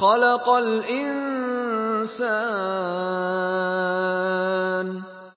خلق الإنسان